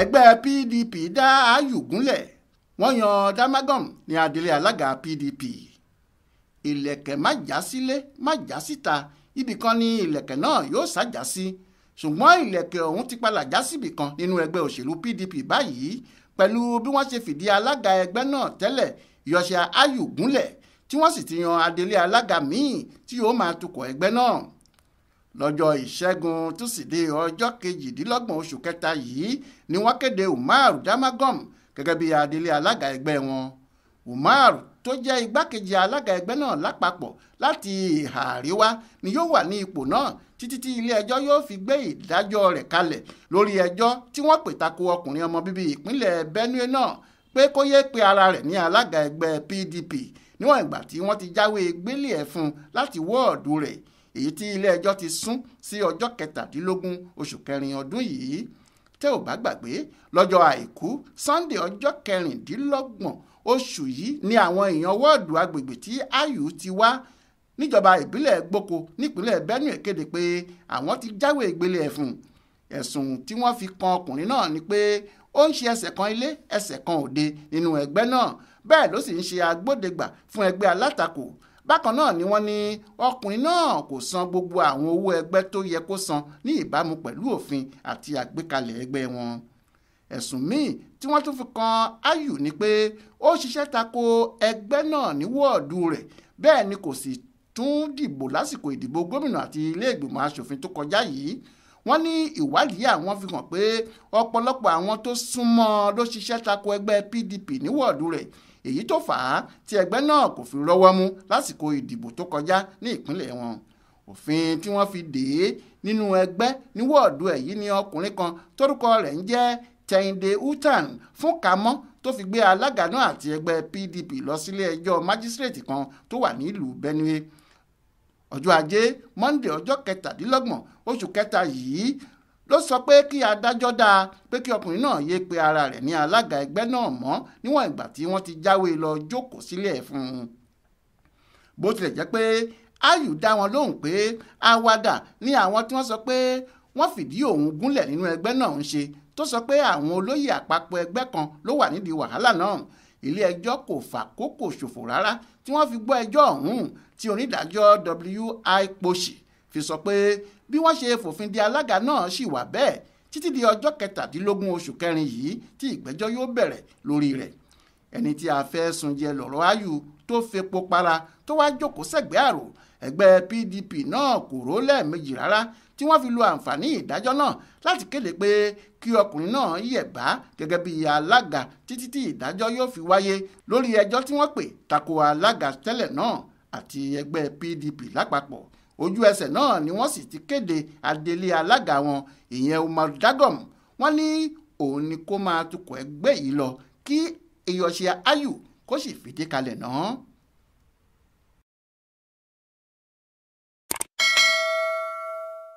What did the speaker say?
ẹgbẹ́ PDP dá ààyù gúnlẹ̀ wọ́n yan damagum ní adelé alága PDP ìlẹ̀kẹ̀ má já sílé má já síta ibìkan ni ìlẹ̀kẹ̀ náà yóò ṣàjà sí ṣùgbọ́n ìlẹ̀kẹ̀ ọ̀hún ti padà já síbìkan nínú ẹgbẹ́ òṣèlú PDP báyìí pẹ̀lú bí wọ́n ṣe fìdí alága ẹgbẹ́ náà tẹ́lẹ̀ yọ̀ṣà ààyù gúnlẹ̀ tí wọ́n sì ti yan adelé alága míì tí yóò máa tukọ̀ ẹgbẹ́ náà lọ́jọ́ ìṣẹ́gun túsìdeè ọjọ́ kejìdínlọ́gbọ̀n oṣù kẹta yìí ni wọ́n kéde umar damagom gẹ́gẹ́ bí adelé alága ẹgbẹ́ wọn umar tó jẹ́ igbákejì alága ẹgbẹ́ náà lápapọ̀ láti ìhà àríwá ni yóò wà ní ipò náà títí tí ilé-ẹjọ́ yóò fi gbé ìdájọ́ rẹ̀ kalẹ̀ lórí ẹjọ́ tí wọ́n pè tako ọkùnrin ọmọ bíbí ìpínlẹ̀ benue náà pé kó yéé pe ara rẹ̀ ní alága ẹgbẹ́ pdp níwọ̀n ìgbà tí wọ́n ti jáwé gbélé ẹ̀ fún láti wọ́ọ̀dù rẹ̀ èyí tí ilé-ẹjọ́ ti sún sí ọjọ́ kẹtàdínlógún oṣù kẹrin ọdún yìí tẹ́ ò bá gbàgbé lọ́jọ́ àìkú Sunday ọjọ́ kẹrìndínlọ́gbọ̀n oṣù yìí ni àwọn èèyàn wọ́ọ̀dù agbègbè tí Ayù ti wá níjọba ìbílẹ̀ Gboko nípínlẹ̀ Benue kéde pé àwọn ti jáwé ìgbélé ẹ̀fùn ẹ̀sùn tí wọ́n fi kan ọkùnrin náà ni pé ó ń ṣe ẹsẹ̀ kan ilé ẹsẹ̀ kan òde nínú ẹgbẹ́ náà bẹ́ẹ̀ ló sì ń ṣe agbódegbà fún ẹgbẹ́ alátakò bákan náà ni wọ́n ní ọkùnrin náà kò san gbogbo àwọn owó ẹgbẹ́ tó yẹ kó san ní ìbámu pẹ̀lú òfin àti àgbékalẹ̀ ẹgbẹ́ wọn ẹ̀sùn míì tí wọ́n tún fi kan Ayù ni pé ó ṣiṣẹ́ tako ẹgbẹ́ náà ní wọ́ọ̀dù rẹ̀ bẹ́ẹ̀ ni kò sì tún dìbò lásìkò ìdìbò gómìnà àti ilé ìgbìmọ̀ asòfin tó kọjá yìí wọ́n ní ìwádìí àwọn fi hàn pé ọ̀pọ̀lọpọ̀ àwọn tó súnmọ́ ló ṣiṣẹ́ tako ẹgbẹ́ PDP ní wọ́ọ̀dù rẹ̀ èyí tó fà á tí ẹgbẹ́ náà kò fi rọ́wọ́ mú lásìkò ìdìbò tó kọjá ní ìpínlẹ̀ wọn òfin tí wọ́n fi dè é nínú ẹgbẹ́ ní wọ́ọ̀dù èyí ni ọkùnrin kan tórúkọ rẹ̀ ń jẹ́ Tẹ̀yìndé Utan fún kamọ́ tó fi gbé alága náà àti ẹgbẹ́ PDP lọ sílé ẹjọ́ májísírèètì kan tó wà nílùú Benue ọjọ́ ajé Monday ọjọ́ kẹtàdínlọ́gbọ̀n oṣù kẹta yìí ló sọ pé kí adájọ́ dáa pé kí ọkùnrin náà yéé pe ara rẹ̀ ní alága ẹgbẹ́ náà mọ́ níwọ̀n ìgbà tí wọ́n ti jáwé lọ jókòó sílẹ̀ fún un bó tilẹ̀ jẹ́ pé ayù dá wọn lóhùn pé àwàdà ni àwọn tí wọ́n sọ pé wọ́n fìdí òun gúnlẹ̀ nínú ẹgbẹ́ náà ń ṣe tó sọ pé àwọn olóyè àpapọ̀ ẹgbẹ́ kan ló wà nídìí wàhálà náà ilé ẹjọ́ kò fàkókò ṣòfò rárá tí wọ́n fi gbọ́ ẹjọ́ ọ̀hún tí onídàájọ́ w i poshi fi sọ pé bí wọ́n ṣe fòfin de alága náà ṣì wà bẹ́ẹ̀ títí di ọjọ́ kẹtàdínlógún oṣù kẹrin yìí tí ìgbẹ́jọ́ yóò bẹ̀rẹ̀ lórí rẹ̀ ẹni tí a fẹ́ sùn jẹ lọ́rọ̀ ayù tó fepo para tó wá jókòó sẹ́gbẹ́ àrò ẹgbẹ́ PDP náà kò ró lẹ́ẹ̀mejì rárá tí wọ́n fi lo àǹfààní ìdájọ́ náà láti kéde pé kí ọkùnrin náà yẹ̀bá gẹ́gẹ́ bí alága títí tí ìdájọ́ yóò fi wáyé lórí ẹjọ́ tí wọ́n pè tako alága tẹ́lẹ̀ náà àti ẹgbẹ́ PDP lápapọ̀ ojú ẹsẹ̀ náà ni wọ́n sì ti kéde adelé alága wọn ìyẹn Umar Dagom wọ́n ní òun ni kó máa tukọ̀ ẹgbẹ́ yìí lọ kí Ìyọ̀ṣe Ayù kó sì fìdí kalẹ̀ náà.